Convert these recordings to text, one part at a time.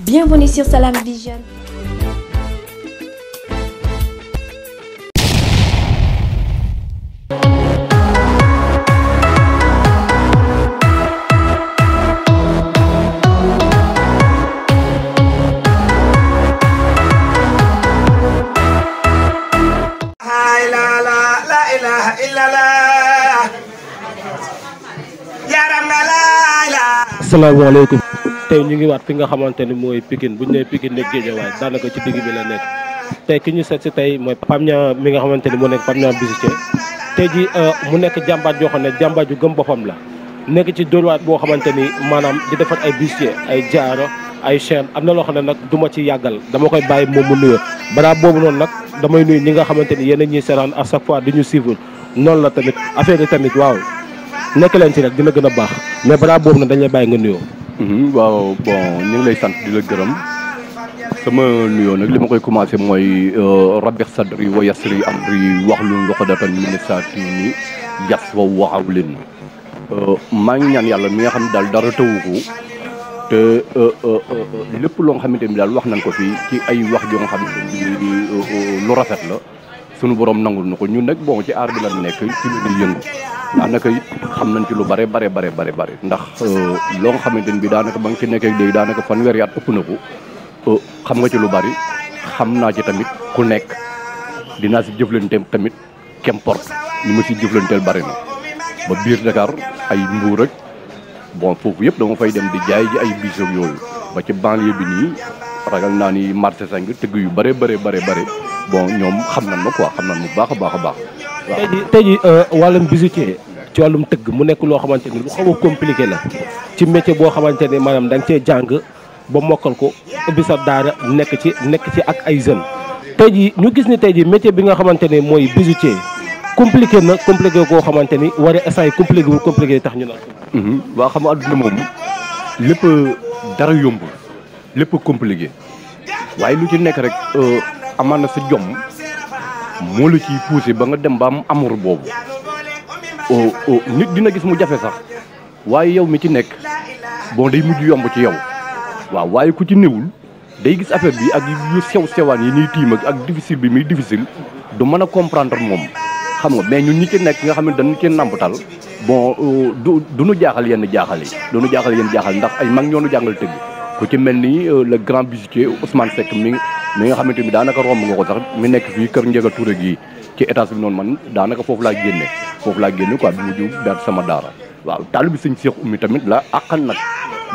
Bienvenue sur Salam Vision. salaamaaleykum tey ñu ngi waat fi nga xamante ni mooy Pikine bu ñu nee Pikine nekk Géejawaay daanaka ci digg bi la nekk tey ki ñu seet si tey mooy Pape Niang mi nga xamante ni moo nekk Pape Niang Bijoutier tey ji euh, mu nekk jàmbaat yoo xam ne jàmbaat ju gëm boppam la nekk ci dóorwaat boo xamante ni maanaam di defar ay bijoutier ay jaaro ay chaîne am na loo xam ne nag du ma ci yàggal dama koy bàyyi moom mu nuyoo balaa boobu noonu nag damay nuyu ñi nga xamante ni yéen a ñuy seraan à chaque fois di ñu suivre noonu la tamit affaire yi tamit waaw nekk leen ci rek dina gën a baax mais balaa boobu nag dañ lay bàyyi nga nuyoo Mhm, waaw bon ñu ngi lay sant di la gërëm sama nuyoo nag li ma koy commencé mooy euh, rabbix sadri wa yassir amri wahlul uqdatan min lisaani yafqahu qawli euh, maa ngi ñaan yàlla mi nga xam ne daal dara tëwu ko te euh, lépp loo nga xamante ni daal wax nañ ko fi ci ay wax joo xam ne lu rafet la sunu borom nangul na ko ñun nag bon ci aar bi la nekk ci lu ñuy yëngu. daanaka it xam nañ ci lu bare bare bare bare bare ndax euh, loo xamante ni bi daanaka ba nga ci nekkee léegi daanaka fanweeri at ëpp na ko euh, xam nga ci lu bari xam naa ci tamit ku nekk dinaa si jëflante tamit qu'importe ñu ma si jëflanteel bari na ba biir Dakar ay mbuur bon foofu yëpp dama fay dem di jaay ji ay bisoog yooyu ba ci banlieue bi nii ragal naa ni marché sang tëgg yu bare bare bare bare bon ñoom xam na ma quoi xam na mu baax a baax a baax tey jii tey jii euh, wàllum bijoutier ci wàllum tëgg mu nekk loo xamante ni lu xaw a compliqué la ci métier boo xamante ni maanaam da nga cee jàng ba mokkal ko ubbi sa daara nekk ci nekk ci ak ay jeunes. tey jii ñu gis ni tey jii métier bi nga xamante ne mooy bijoutier compliqué na compliqué koo xamante ni war a essayer compliqué wu compliqué tax ñu naan. Mhm. waa xam nga àdduna moom lépp dara yomb lépp compliqué waaye lu ci nekk rek euh, amaan na sa jom. moo la ciy poussé ba nga dem ba am boobu oh, oh, nit dina gis mu jafe sax waaye yow mi ci nekk bon day mujj yomb ci yow waaw waaye ku ci néewul day gis affaire bi ak yu sew sewaan yi ñuy tiim ak ak bi mi difficile du mën a comprendre moom xam nga mais ñun ñi ci nekk nga xam ne dañu ci nàmbatal bon euh, du du nu jaaxal yenn jaaxal yi du nu jaaxal yenn jaaxal ndax ay mag ñoo nu jàngal tëgg ku ci mel ni euh, le grand bijoutier Ousmane Seck mi mi nga xamante ni daanaka romb nga ko sax mi nekk fii kër Ndiaga Touré gii ci étage bi noonu man daanaka foofu laa génne foofu laa génne ko bi mu jub sama daara waaw taal bi sëñ Cheikh Oumy tamit la àqan nag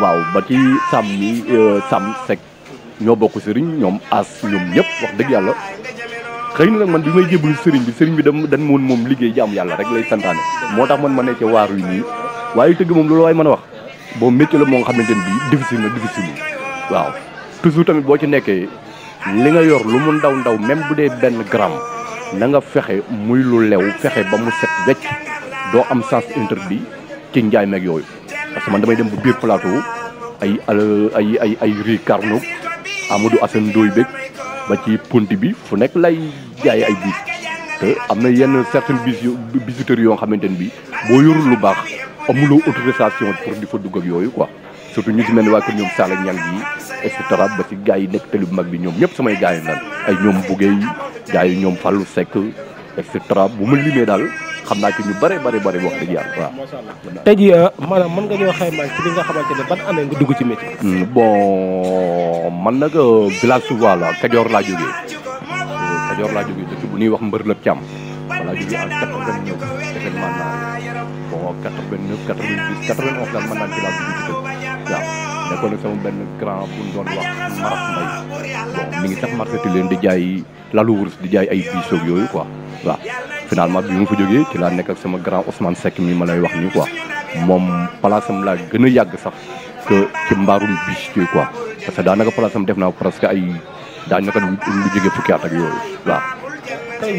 waaw ba ci Sam mi euh, Sam Seck ñoo bokk sëriñ ñoom as ñoom ñëpp wax dëgg yàlla xëy na nag man bi may jébbalu sëriñ bi sëriñ bi dam dañ moon moom liggéey jaam yàlla rek lay santaane moo tax man ma nekke waar wi nii waaye tëgg moom loolu waay mën a wax boo métier la moo nga xamante ne bii difficile na difficile waaw toujours tamit boo ci nekkee li nga yor lu mu ndaw ndaw même bu dee benn gramme na nga fexe muy lu lew fexe ba mu set wecc doo am sens bi ci njaay meeg yooyu parce que man damay dem bu biir plateau ay ay ay ay riz Carnot Amadou Assane Ndoye beeg ba ci pont bi fu nekk lay jaay ay bis te am na yenn certaines bis visiteurs yoo xamante ne bii boo yorul lu baax. amuloo autorisation pour di fa dugg yooyu quoi surtout ñu ci mel ni waa kër ñoom Sall ak ñang yi et cetera ba ci gars yi nekk tali bu mag bi ñoom ñëpp samay gaa yi naan ay ñoom buggee gars yi ñoom Fallou Seck et cetera bu ma limee daal xam naa ci ñu bare bare bare wax dëgg yàlla waaw. tey jii euh, maanaam mën nga ñoo xaymaa ci li nga xamante ne ban année nga dugg ci métier. Hmm, bon man nag euh, village Touba la Kajoor laa jógee euh, Kajoor laa jógee dëkk bu ñuy wax Mbër la Thiam voilà jógee en quatre vingt neuf événement naa 89 90 91 daal mën naa ci laa dugg ci kër waaw nekkoon ak sama benn grand bu ñu doon wax Maras Mbaye di jaay lalu wurus di jaay ay biis yooyu quoi waaw. ma bi ma fa jogee ci laa nekk ak sama grand Ousmane Seck mi ma lay wax nii quoi moom place laa gën a yàgg sax que ci mbaarum biis parce que daanaka place am def naa presque ay daanaka lu jógee fukki at ak yooyu waaw. tey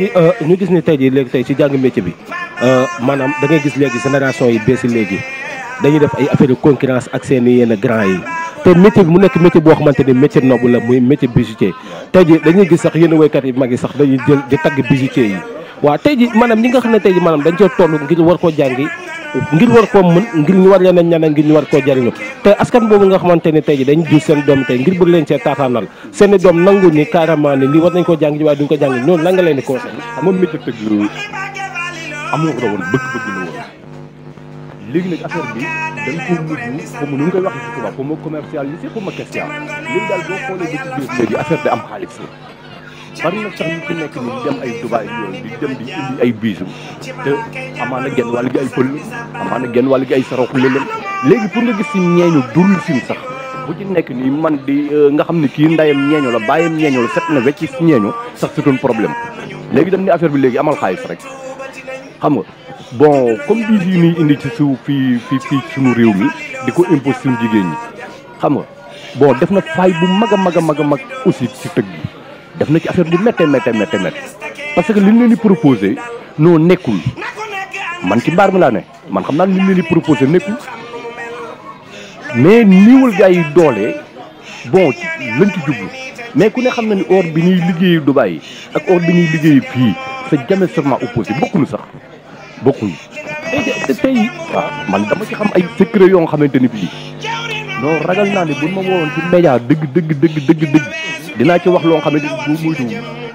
ñu gis ni ci jàng métier bi. Euh, maanaam da gis léegi génération yi bees yi léegi dañuy def ay affaire de concurrence ak seen yenn grand yi te métier mu nekk métier boo xamante ni métier noble la muy métier bijoutier tey ji dañuy gis sax yenn woykat yi mag yi sax dañuy jël di tagg bijoutier yi waaw tey maanaam ñi nga xam ne tey ji maanaam dañ cee toll ngir war koo jàngi ngir war koo mën ngir ñu war leen a ñana ngir ñu war koo jariñu te nga xamante ni tey ji dañ jur seen doom tey ngir bëgg leen see taataanal seen i nangu ni carrément ni war nañ koo jàngi waaye duñ ko jàngi noonu la nga leen di conseil moom métier tëgg amour la woon bëgg-bëgg na woon léegi nag affaire bi dañ ko mujj xaw ma nu ñu koy waxee ci tubaab xaw ma commercialisé xaw ma question léegi daal boo xoolee ba am xaalis la bari na sax ñu ci ay Dubaay yooyu indi ay biisu te amaana genn wàll gi ay pël amaana genn wàll ay saroxu lëlëm léegi pour nga gis si ñeeñu durul sin sax bu ci nekk nii man di euh, nga xam ne kii ndayam ñeeño la bàyyam ñeeño set na wecc si ñeeño sax c'est un problème léegi dañ ni affaire bi léegi amal xaalis rek xam nga bon comme bii yi indi ci suuf fii fii fii suñu réew mi di ko imposé suñu jigéen ñi xam nga bon def na faay bu mag a mag a mag mag aussi ci tëgg def na ci affaire bu méttee méttee méttee parce que li ñu ni di proposé noo nekkul man ci mbaar mi laa ne man xam naa li ñu leen di proposé nekkul mais niiwal doole bon lañ ci jublu ku ne xam na ni or bi ñuy liggéey Dubaï ak or bi ñuy liggéey fii c'est jamais seulement opposé bokkuñu sax. bokkuñu. te tey man dama ci xam ay secret yoo nga xamante ni bii non ragal naa ne buñ ma woowoon ci média dëgg dëgg dëgg dëgg dinaa ci wax loo xamante ni bu muytu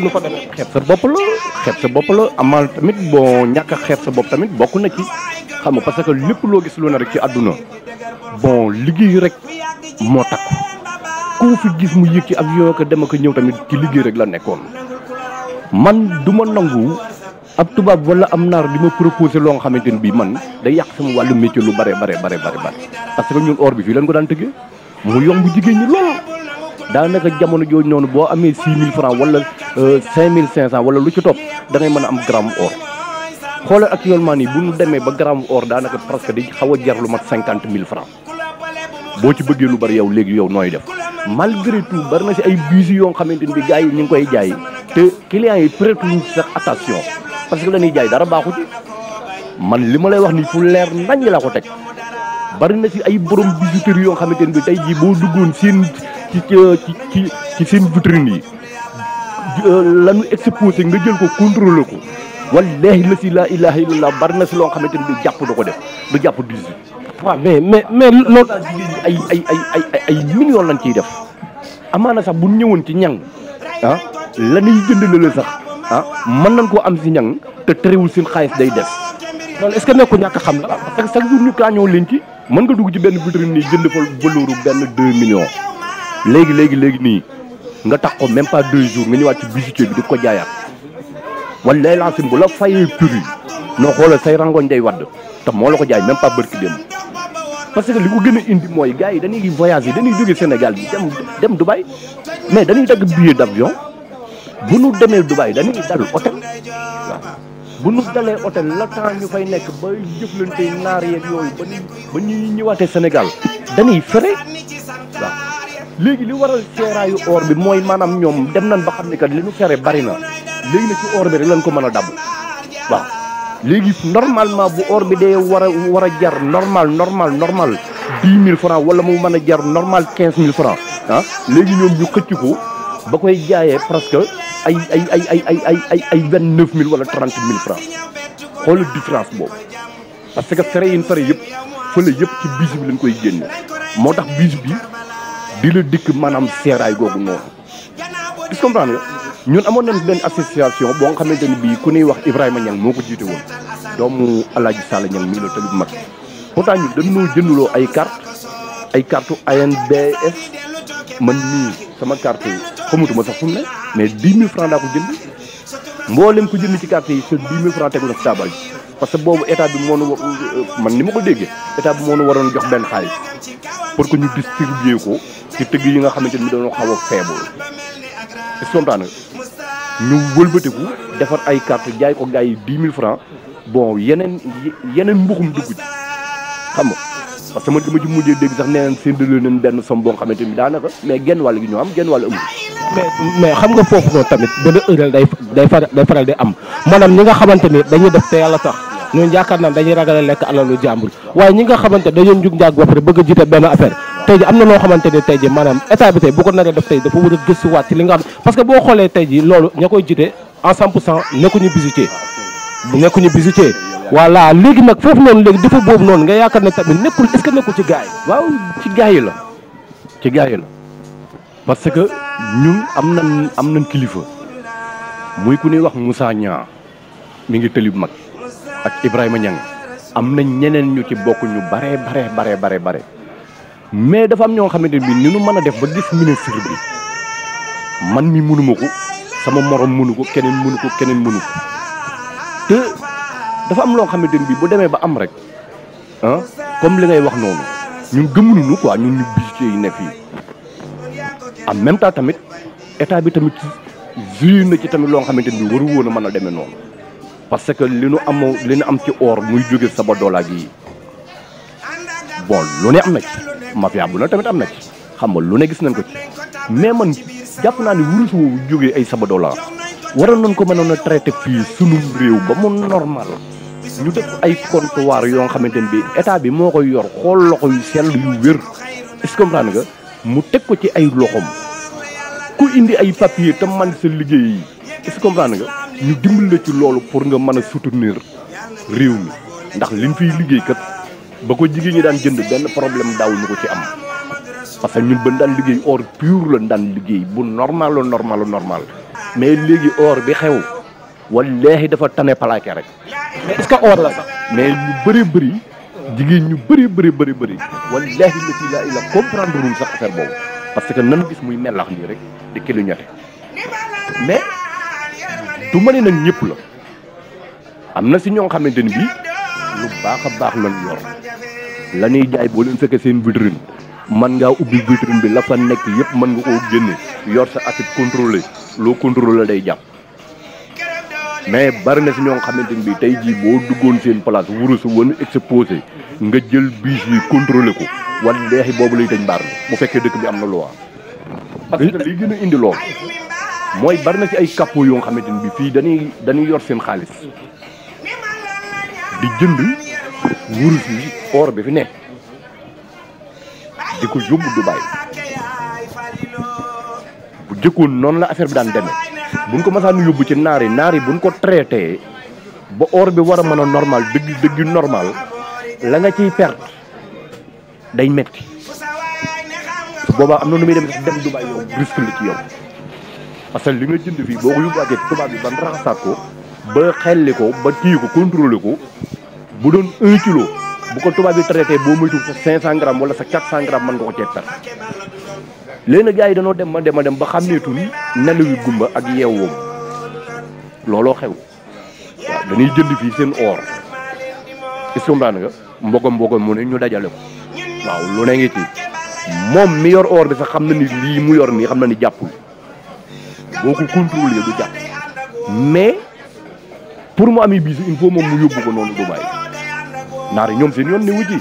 ko ko demee sa bopp la xeeb sa bopp la amal tamit bon ñàkk a sa bopp tamit bokk na ci xam nga parce que lépp loo gis lu ne rek ci àdduna bon liggéey rek moo takk koo fi gis mu yëg ci avion ko dem ak ñëw tamit ci liggéey rek la nekkoon man du ma nangu ab tubaab wala am naar di ma proposé loo nga xamante bii man day yàq sama wàllu métier lu bare bare bare bare bare parce que ñun or bi fii lañ ko daan tëggee mu yomb jigéen ñi lool daanaka jamono jooju noonu boo amee six cinq mille cinq cent wala lu ci topp dangay ngay mën a am gramme or xoolal actuellement nii bu ñu demee ba gramme or daanaka presque di xaw a lu mat cinquante mille francs boo ci bëggee lu bari yow léegi yow nooy def malgré tout bari na si ay bus yoo xamante ni bi gars yi ñu ngi koy jaay te clients yi prêtuñ ci sax attention parce que la ñuy jaay dara baaxu ci man li ma lay wax ni fu leer nañ la ko teg bari na si ay borom bijouterie yoo xamante ni bi tey jii boo duggoon seen ci ci ci yi. lan ñu exposé nga jël ko contrôlé ko wallahi la si laa ilaha illallah bari na si loo xamante ni du jàpp da ko def du jàpp du waaw mais mais mais loolu daal ay ay ay ay ay millions lañ ciy def amaana sax bu ñëwoon ci ñang ah la ñuy jëndale la sax ah mën nañ koo am si ñang te terewul seen xaalis day def. loolu est-ce que nekkul ñàkk xam la parce que chaque jour ñu kaañoo leen ci mën nga dugg ci benn vitrine nii jënd fa valeur benn 2 millions léegi léegi léegi nii. nga tax ko même pas deux jours nga ñëwaat ci bijoutier bi di ko jaayaat wala lancé bu la fayee prix noo xoolal say rangoñ day wadd te moo la ko jaay même pas bërki démb parce que li ko gën a indi mooy gars yi dañuy voyage yi dañuy jóge Sénégal bi dem du Dubaï mais dañuy dagg billet d'avion bu nu demee Dubaï dañuy dal hôtel waaw bu nu dalee hôtel la temps ñu fay nekk ba jëflante naar yeeg yooyu ba ba ñuy ñëwaatee Sénégal dañuy fere waaw léegi li waral seeraayu or bi mooy maanaam ñoom dem nañ ba xam ne kat li ñu fere bari na léegi na ci or bi rek lañ ko mën a dab waaw léegi normalement bu or bi dee war a war a jar normal normal normal dix mille franc wala mu mën a jar normal quinze mille franc ah léegi ñoom ñu xëcc ko ba koy jaayee presque ay ay ay ay ay ay ay ay vingt neuf mille wala trente mille franc xoolal différence boobu parce que fere yi ñu fere yëpp fële yëpp ci biis bi lañ koy génne moo tax biis bi. di la dikk maanaam seeraay googu noonu est-ce que ñun amoon nañ benn association boo nga xamante ni bii ku ñuy wax Ibrahima Niang moo ko jiite woon doomu Alaaji Sall Niang mii la tamit mag pourtant ñun dañoo jënduloo ay carte ay carte ANBS man nii sama carte yi xamutuma sax mais dix mille francs ko jënd mboolem ko jënd ci carte yi sa dix mille francs tegu na ci taabal ji parce que boobu état bi moo nu ni ma ko déggee état bi moo nu waroon jox benn xaalis pour que ñu distribuer ko ci tëgg yi nga xamante ni dañoo xaw a faible. ñu wëlbatiku defar ay carte jaay ko gars yi dix mille francs bon yeneen yeneen mbuxum dugg xam nga parce que man dama ci mujjee dégg sax nee nañ séddale nañ benn somme ni daanaka mais genn wàll gi ñoo am genn wàll mais xam nga foofu noonu tamit benn day day faral day faral am maanaam ñi ñooñu yaakaar na loo xamante ni tey ji maanaam état bi tey bu ko naree def tey dafa war a gëstuwaat ci li nga xam parce boo xoolee loolu ña koy jiite en 100 pour nekkuñu bijoutier nekkuñu bijoutier léegi nag foofu noonu léegi dafa boobu noonu nga yaakaar ne tamit nekkul est que nekkul ci gars yi waaw ci gars la ci gars yi la parce que ñun am na am nañ kilifa muy ku ñuy wax Moussa Niang mu ngi tëlib mag ak Ibrahima Niang am nañ ñeneen ñu ci bokk ñu bare bare bare bare bare mais dafa am ñoo xamante bi ni ñu mën a def ba gis ministre bi man mi mënuma sama morom mënu ko keneen mënu ko keneen mënu te dafa am loo xamante bi bu demee ba am rek ah comme li ngay wax noonu ñun gëmuñu ñu quoi ñun ñu budget yi ne fii en même tamit état bi tamit joué na ci tamit loo xamante ni waru woon a mën a demee noonu parce que li nu am li nu am ci or muy jóge saba doolaa gi bon lu ne am na ci mafia bu ne tamit am na ci xam nga lu ne gis nañ ko ci mais man jàpp naa ne wurus woowu jógee ay saba doolaa waroon nañ ko mënoon a traité fii sunu réew ba mu normal ñu def ay comptoir yoo nga xamante ne bi état bi moo koy yor xool loxo yu sell yu wér est-ce mu teg ko ci ay loxom ku indi ay papier te man sa liggéey yi est-ce ñu dimbali la ci loolu pour nga mën a soutenir réew mi ndax liñ fiy liggéey kat ba ko jigéen ñi daan jënd benn problème daaw ñu ko ci am parce que ñun ba daan liggéey or pur la daan liggéey bu normal la normal la mais léegi or bi xew wallahi dafa tane plaqué rek. mais est que or la mais ñu bëri bëri. jigéen ñu bëri bëri bëri bëri. wallahi la ci laa ila boobu parce que nan gis muy melax nii rek di kiliñate mais. du ma ne nag ñëpp la am na si ñoo xamante ni bii lu baax a baax lan yor la ñuy jaay boo leen fekkee seen vitrine man ngaa ubbi vitrine bi la fa nekk yëpp mën nga koo génne yor sa acide contrôlé loo contrôlé day jàpp mais bari na si ñoo xamante ni bii tey jii boo duggoon seen place wurus woon exposé nga jël biis yi contrôlé ko wa leexi boobu lay dañ mbaar bu fekkee dëkk bi am na loi parce que li gën a indi lool mooy bari na ci ay capot yoo xamante ni bi fii dañuy dañuy yor seen xaalis di jënd wurus yi bi fi nekk di ko yóbbu Dubaï bu jëkkoon noonu la affaire bi daan demee buñ ko masaanu yóbbu ci naar yi naar yi buñ ko traité ba or bi war a mën a normal dëgg dëgg normal la nga ciy perte day metti su boobaa am na nu muy dem dem Dubaï yow risque la parce que li nga jënd fii boo ko yóbbuwaatee tubaab bi ban raxasaat ko ba xelli ko ba téye ko contrôlé ko bu doon un kilo bu ko tubaab bi traité boo moytu sa 500 grammes wala sa 400 grammes mën nga ko ceeb perte. léegi nag gars yi danoo dem ma dem a dem ba xàmmeetul nelawi gumba ak yeewoom looloo xew waaw dañuy jënd fii seen or est-ce que nga mbogom mbogom mu ne ñu dajale ko waaw lu ne ngi ci moom mi yor or bi sax xam na ni lii mu yor nii xam na ni jàppul. boo ko contrôlé du jàpp mais pour mu am bisu il faut moom mu yóbbu ko noonu du bàyyi naar yi ñoom seen yoon ne wuti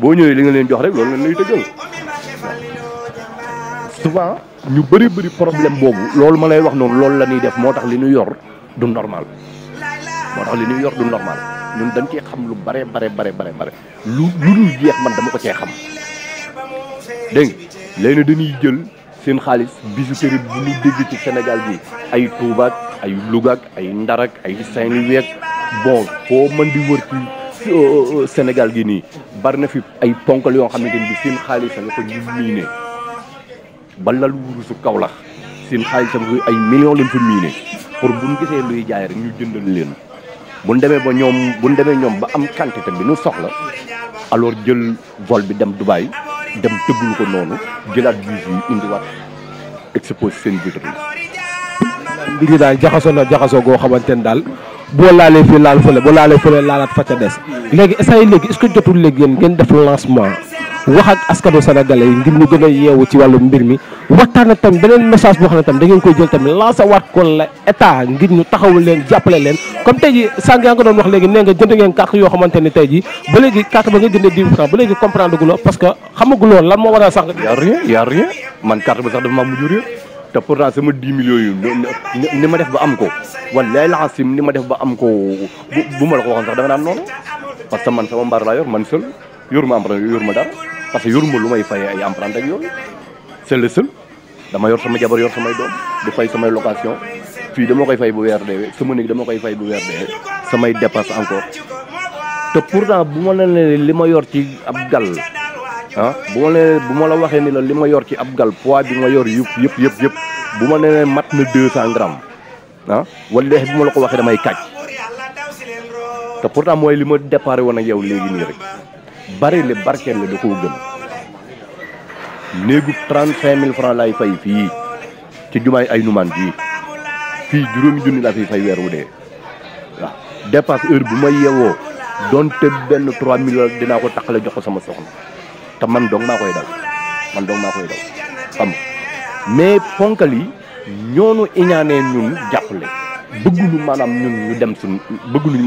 boo ñëwee li nga leen jox rek loolu nga lay tëjal souvent ñu bëri bëri problème boobu loolu ma lay wax noonu loolu la ñuy def moo tax li nuy yor du normal moo tax li ñu yor du normal ñun dañ cee xam lu bare bare bare bare bare lu lu dul jeex man dama ko cee xam dégg nga léegi dañuy jël. seen xaalis bijouterie bu ñu dégg ci Sénégal bi ay Touba ak ay Louga ak ay Ndar ak ay Saint-Louis ak bon foo mën di wër ci euh, euh, Sénégal gi nii bari na fi ay ponkal yoo xamante ni bi seen xaalis la ko ñu miine ba lalu wurusu Kaolack seen xaalisam ay millions lañ fa miine pour buñ gisee luy jaay rek ñu jëndal leen buñ demee ba ñoom buñ demee ñoom ba am quantité bi ñu soxla alors jël vol bi dem Dubaï dem tëggul ko noonu jëlaat juge yi indiwaat exposé seen vitre yi. mbir yi daal jaxasoo na jaxasoo goo xamante ne daal boo laalee fii laal fële boo laalee fële laalaat fa des léegi est-ce que léegi est-ce que jotul léegi yéen ngeen def lancement. wax ak askanu sénégalais yi ngir ñu gën a yeewu ci wàllu mbir mi waxtaan ak tam beneen message boo xam ne tam da ngeen koy jël tamit lancer waat ko la état ngir ñu taxawul leen jàppale leen comme tey ji sànq yaa nga doon wax léegi nee nga jënd ngeen carte yoo xamante ni tey ji ba léegi carte ba nga jëndee dix francs ba léegi comprendre guloo parce que xamaguloo lan moo war a sax y'a rien y'a rien man carte ba sax dafa maa mujj réer te pourtant sama dix millions yu ni ma def ba am ko wallaay laxasim ni ma def ba am ko bu ma la ko waxoon sax da nga naan noonu parce man sama mbaar laa yor man seul yoruma empreinte yoruma dara parce que yoruma lu may fay ay empreinte ak yooyu le seul dama yor sama jabar yor samay doom di fay samay location fii dama koy fay bu weer deewee sama néeg dama koy fay bu weer deewee samay dépense encore te pourtant bu ma la nee li ma yor ci ab gal ah bu ma bu ma la waxee ni la li ma yor ci ab gal poids bi ma yor yëpp yëpp yëpp yëpp bu ma nee mat na deux cent grammes ah wala bu ma la ko waxee damay kàcc te pourtant mooy li ma déparé woon ak yow léegi nii rek. bari le barkeel le da koo gën trent trente cinq mille francs laay fay fii ci jumaay ay numaan jii fii juróomi junni laa fiy fay weer de dee waaw dépasse heure bu ma yewoo donte benn trois mille dinaa ko taqale jox ko sama soxna te man dong maa koy daw man dong maa koy daw xam mais ponkal yi ñoonu iñaanee ñun jàppale bëgguñu maanaam ñun ñu dem suñ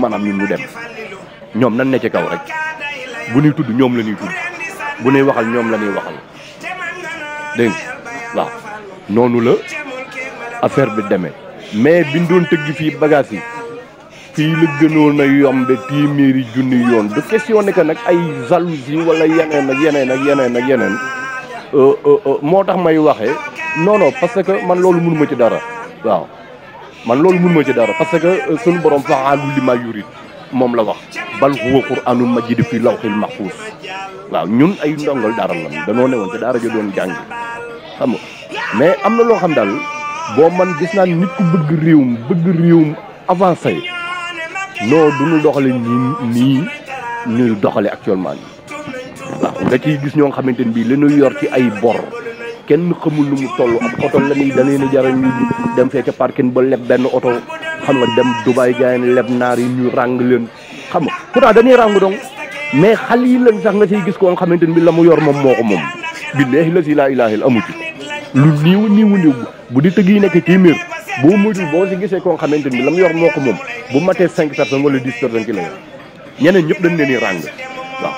maanaam ñun ñu dem ñoom nan ne ci kaw rek bu ñuy tudd ñoom la ñuy tudd bu ñuy waxal ñoom la ñuy waxal dégg waaw noonu la affaire bi demee mais biñ doon tëgg fii bagages yi fii la gënoon a yombe téeméeri junni yoon du question ne que nag ay jalousie wala yeneen ak yeneen ak yeneen ak yeneen euh, euh, euh, moo tax may waxe non parce que man loolu mënuma ci dara waaw man loolu mënuma ci dara parce que suñu borom a li ma yurit moom la wax bal huwa qur'aanun majiidun fii max mahfuus waaw ñun ay ndongal daara lan danoo newoon te daara ja doon jàng xam mais am na loo xam daal boo man gis naa nit ku bëgg réewum bëgg réewum avancé non du ñu doxale nii nii ñuy doxale actuellement nii waaw nga ciy gis ñoo xamante ni bii li ñu yor ci ay bor kenn xamul lu mu toll ab oto la nii dañuy jara ñu dem fee ca parking ba leb benn oto xam nga dem Dubaay gars yi leb naar yi ñu ràng leen xam nga pourtant dañuy ràng dong mais xal yi lañ sax nga siy gis ko nga xamante ni bi la mu yor moom moo ko moom billaahi la si laa ilaahil amu ci lu niiw niiw niiw bu di tëgg yi nekk téeméer boo moytul boo si gisee ko xamante ni bi la yor moo ko moom bu matee cinq personnes wala dix personnes ki la yor ñeneen ñëpp dañ leen di ràng waaw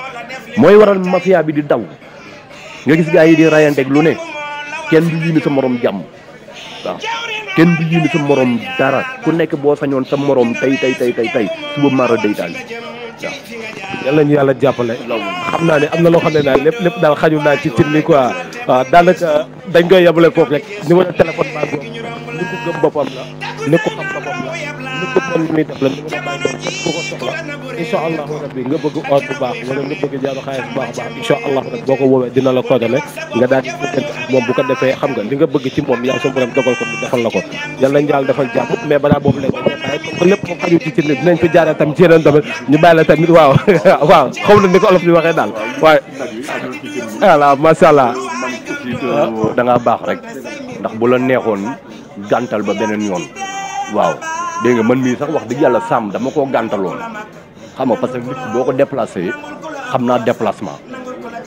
mooy waral mafia bi di daw nga gis gars yi di rayanteeg lu ne kenn du yéene sa moroom jàmm waaw kenn du yéene sa morom dara ku nekk boo sañoon sa morom tey tey tey tey tey suba mara day daal waaw. yàlla ñu yàlla jàppale. xam naa ne am na loo xam ne daal lépp lépp daal xaju naa ci cin li quoi waaw daanaka dañ koy yabale foofu rek numéro téléphone baa ngoog ni ko gëm boppam la ni ko xam boppam lu bëggoon li muy def la ku ko soxla incha allahu rabbi nga bëgg oor bu baax wala nga bëgg jaaba xaalis bu baax baax incha allahu rabbi boo ko woowee dina la coordonné nga daal di moom bu ko defee xam nga li nga bëgg ci moom yàlla bu borom dogal ko mu defal la ko yàlla nañ yàlla defal jàmm mais balaa boobu léegi dañuy lépp moom xaju ci ci nit dinañ ko jaaree tam ci yeneen domaine ñu bàyyi la tamit waaw waaw xaw na ni ko olof di waxee daal waaye voilà macha allah da ngaa baax rek ndax bu la neexoon gàntal ba beneen yoon waaw dégg nga man mii sax wax dëgg yàlla sàmm dama koo gàntaloon xam nga parce que nit boo ko déplacé xam naa déplacement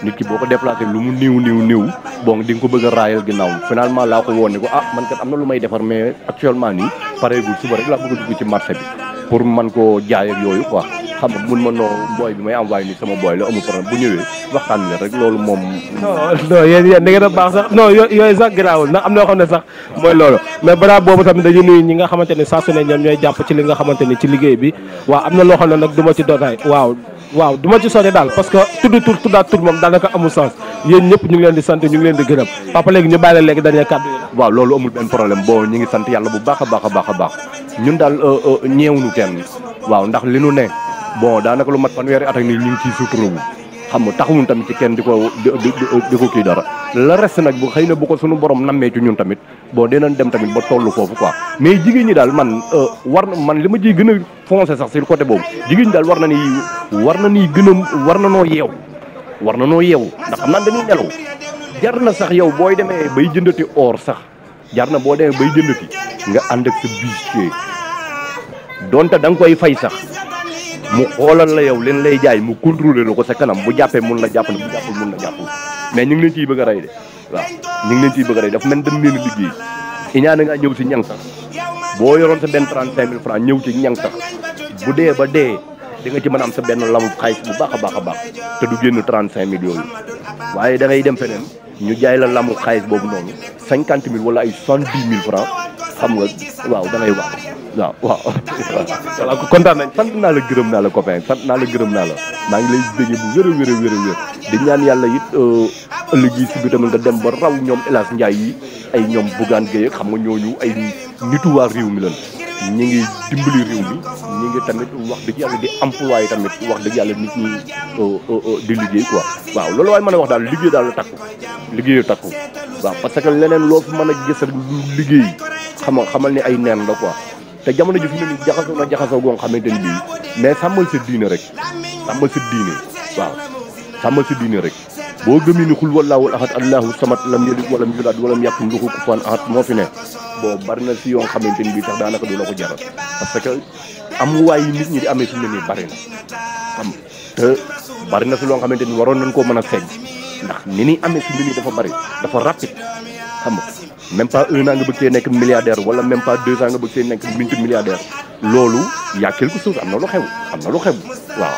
nit ki boo ko déplacé lu mu niiw niiw niw bon di nga ko bëgg a raayal ginnaaw finalement laa ko woon ne ko ah man kat am na lu may defar mais actuellement nii pareegul suba rek laa bëgg a dugg ci marché bi pour man koo jaay yooyu quoi. xam nga mun ma noo booy bi may envoyé nii sama booy la amul problème bu ñëwee waxtaan leen rek loolu moom. non non yéen yéen da a baax sax non yooyu sax garaawul ndax am na yoo xam mooy loolu mais balaa boobu tamit dañu nuyu ñi nga xamante ne saa su ne ñoom ñooy ci li nga xamante ni ci liggéey bi am na loo xam ne nag waaw waaw ma ci sori daal parce que tudd moom daanaka amul sens yéen ñëpp ñu ngi leen di sant ñu leen di gërëm papa léegi ñu bàyyi la léegi dernier kàddu yi boo ñu sant yàlla bu baax baax a a baax ñun daal euh, euh, ñeewuñu kenn waaw ndax li nu ne bon daanaka lu mat fanweeri at ak nii ñu ngi ciy suturawu xam nga taxawuñ tamit ci kenn di ko ko kii dara la reste nag bu xëy na bu ko suñu borom nammee ci ñun tamit bon dinañ dem tamit ba toll foofu quoi mais jigéen ñi daal man euh, war na man li ma ciy gën a foncé sax sur côté boobu jigéen ñi daal war na ni war na nii gën war na noo yeew war na noo yeew ndax xam naa dañuy nelaw jar na sax yow booy demee bay jëndati or sax jar na boo demee bay jëndati nga ànd ak sa donte da nga koy fay sax mu xoolal la yow leen lay jaay mu contrôler la ko sa kanam bu jàppee mun la jàppale bu jàppul mun la jàppul mais ñu ngi leen ciy bëgg a de waaw ñu ngi leen ciy bëgg a rey dafa mel dem leen a liggéey iñaana ngaa ñëw si ñang sax boo yoroon sa benn trente cinq mille franc ñëw ci ñang sax bu dee ba dee di nga ci mën a am sa benn lamu xaalis bu baax a baax a baax te du génn trente cinq mille yooyu waaye da ngay dem feneen ñu jaay la lamu xaalis boobu noonu cinquante mille wala ay soixante dix mille francs xam nga waaw da ngay wax waaw waaw. voilà kontaan nañ sant naa la gërëm naa la copain sant naa la gërëm naa la maa ngi lay déggee bu wér a wér a wér a wér di ñaan yàlla it euh, ëllëg yi si bi tamit nga dem ba raw ñoom El Hadj yi ay ñoom Bougane Gueye xam nga ñooñu ay nitu waa réew mi lan ñi ngi dimbali réew mi ñi ngi tamit wax dëgg yàlla di emploi yi tamit wax dëgg yàlla nit ñi euh, euh, euh, di liggéey quoi waaw loolu waaye mën a wax daal liggéey daal la takku liggéeyu takku waaw parce que leneen loo fi mën a gis rek liggéey xama xamal ni ay neen la quoi te jamono ji fi mu ne nii jaxasoo na jaxasoo goo xamante ni bii mais sàmmal sa diine rek sàmmal sa diine waaw sàmmal sa diine rek boo gëmee ni xul wallaahu ahad allahu samad lam yalid walam yulad walam yakun lahu kufuwan ahad moo fi ne boo bari na si yoo xamante ni bii sax daanaka du la ko jaral parce que amuwaay yi nit ñi di amee fi mu ne nii bari na te bari na si loo xamante ni waroon nañ koo mën a feeñ ndax ni ni amee si mbir dafa bari dafa rapide xam nga même pas un an nga bëgg see nekk milliardaire wala même pas deux ans nga bëgg see nekk multi milliardaire loolu y a quelque chose am na lu xew am na lu xew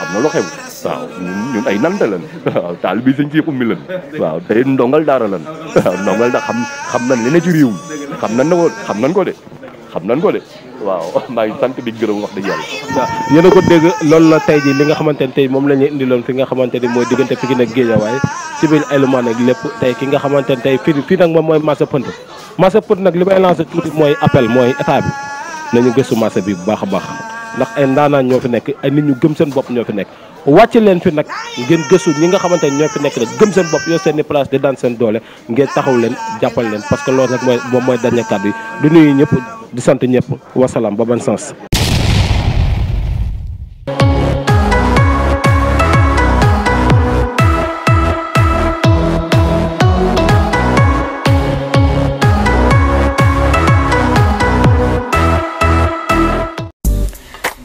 am na lu xew. waaw ñun ay nanta lan waaw taal bi sëñ Seex Ummi lan waaw te ndongal daara lan waaw ndongal da xam xam nañ li ne ci réew xam nañ na ko xam nañ ko de xam nañ ko de waaw maa ngi sant di wax dëgg yàlla. waaw yéen a ko dégg loolu la tey ji li nga xamante ne tey moom la ñu indi indiloon fi nga xamante ni mooy diggante Pikine ak Guédiawaye ci biir élément nag lépp tey ki nga xamante ne tey fii fii nag moom mooy marché Pënd marché Pënd nag li may lancé tuuti mooy appel mooy état bi nañu gëstu marché bi baax a baax ndax ay ndaanaan ñoo fi nekk ay nit ñu gëm seen bopp ñoo fi nekk wàcc leen fi nag ngeen gëstu ñi nga xamante ne ñoo fi nekk rek gëm seen bopp yor seen i doole ngeen taxaw leen jàppal leen parce que loolu rek mooy moom mooy dernier yi du nuyu di sant ñëpp wasalaam ba ban sens.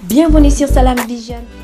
Bienvenue sur